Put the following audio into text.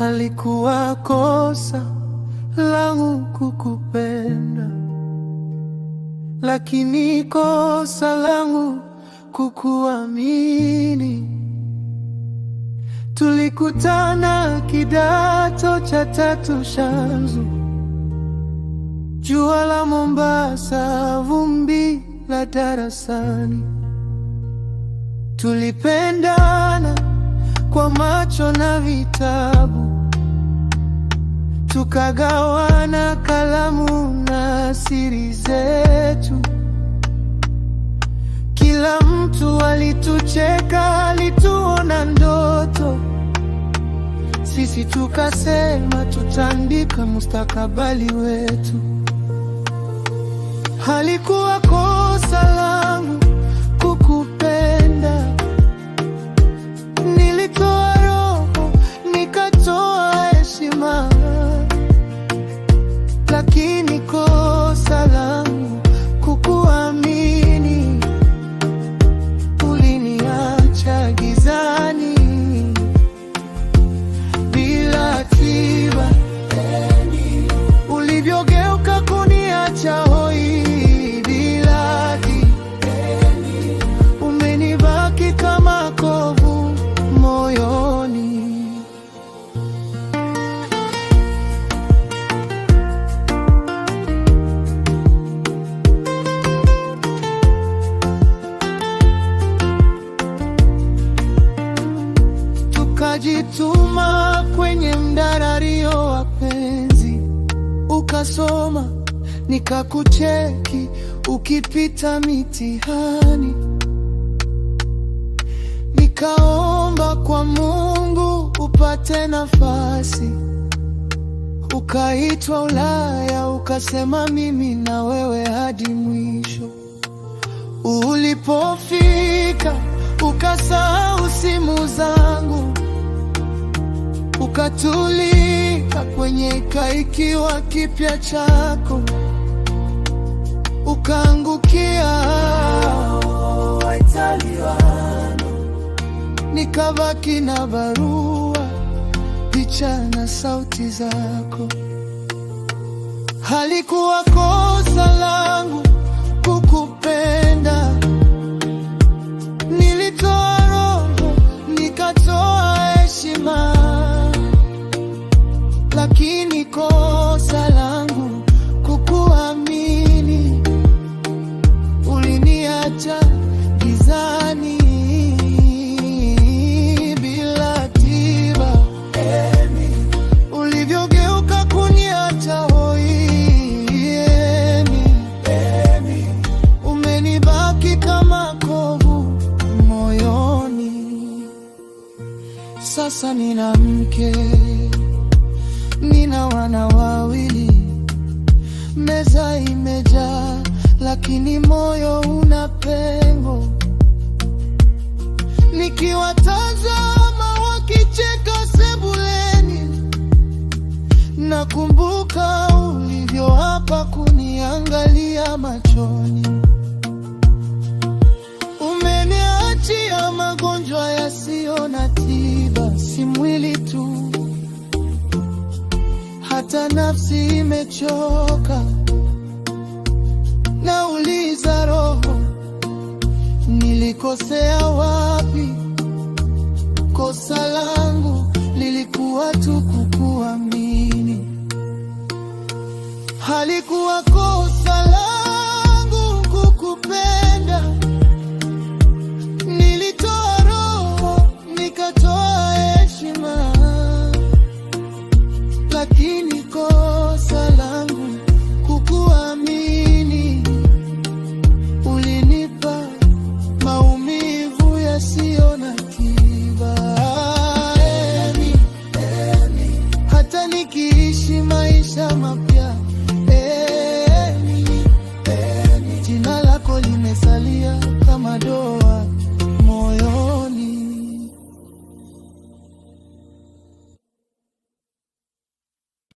halikuwa kosa langu kukupenda, lakini kosa langu kukuamini. Tulikutana kidato cha tatu Shanzu, jua la Mombasa, vumbi la darasani. Tulipendana kwa macho na vitabu tukagawana kalamu na siri zetu. Kila mtu alitucheka, alituona ndoto, sisi tukasema tutaandika mustakabali wetu. Halikuwa kosa ukajituma kwenye mdarario wa penzi, ukasoma nikakucheki ukipita mitihani, nikaomba kwa Mungu upate nafasi, ukaitwa Ulaya, ukasema mimi na wewe hadi mwisho. Ulipofika ukasahau simu zangu ukatulika kwenye kaikiwa kipya chako ukaangukia nikabaki na barua, picha na sauti zako. Halikuwa kosa la lakini kosa langu kukuamini, uliniacha gizani bila tiba, ulivyogeuka kuniacha hoi, umenibaki kama kovu moyoni. Sasa nina mke na wana wawili, meza imejaa, lakini moyo una pengo. Nikiwatazama wakicheka sebuleni, nakumbuka hapa kuniangalia machoni. Umeniachia magonjwa yasiyo na tiba Nakumbuka nafsi imechoka, nauliza roho, nilikosea wapi? Kosa langu lilikuwa tu kukuamini, halikuwa kosa